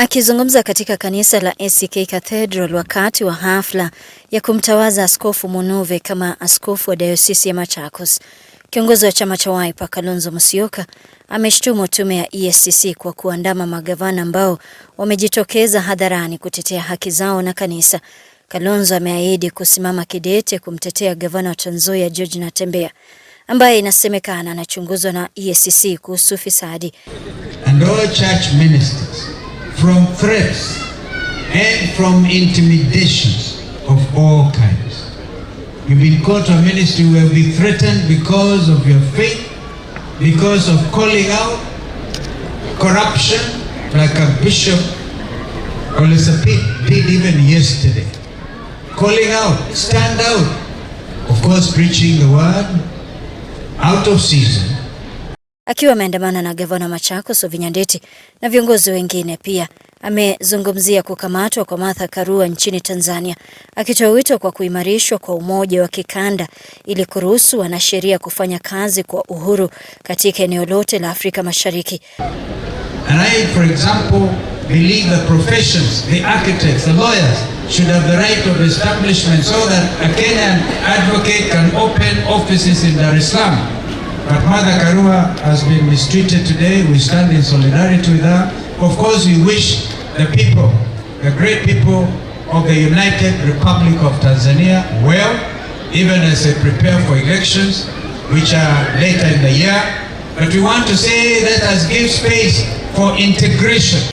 Akizungumza katika kanisa la ACK Cathedral wakati wa hafla ya kumtawaza Askofu Munuve kama askofu wa dayosisi ya Machakos, kiongozi wa chama cha Wiper Kalonzo Musyoka ameshtumu tume ya EACC kwa kuandama magavana ambao wamejitokeza hadharani kutetea haki zao na kanisa. Kalonzo ameahidi kusimama kidete kumtetea gavana wa Trans Nzoia George Natembeya ambaye inasemekana anachunguzwa na EACC kuhusu fisadi. And all church ministers from threats and from intimidations of all kinds. You've been called to a ministry where you'll be threatened because of your faith, because of calling out corruption, like a bishop Olisapit did even yesterday. Calling out, stand out. Of course, preaching the word out of season, akiwa ameandamana na gavana Machakos Wavinyandeti na viongozi wengine. Pia amezungumzia kukamatwa kwa Martha Karua nchini Tanzania, akitoa wito kwa kuimarishwa kwa umoja wa kikanda ili kuruhusu wanasheria kufanya kazi kwa uhuru katika eneo lote la Afrika Mashariki. And I, for example, believe the professions, the architects, the lawyers should have the right of establishment so that a Kenyan advocate can open offices in Dar es Salaam. But Mother Karua has been mistreated today. We stand in solidarity with her. Of course, we wish the people, the great people of the United Republic of Tanzania well, even as they prepare for elections, which are later in the year. But we want to say let us give space for integration.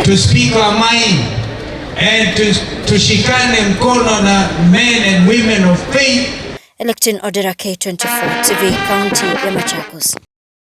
to speak our mind and to tushikane mkono na men and women of faith. Electin Odera, K24 TV, County ya Machakos.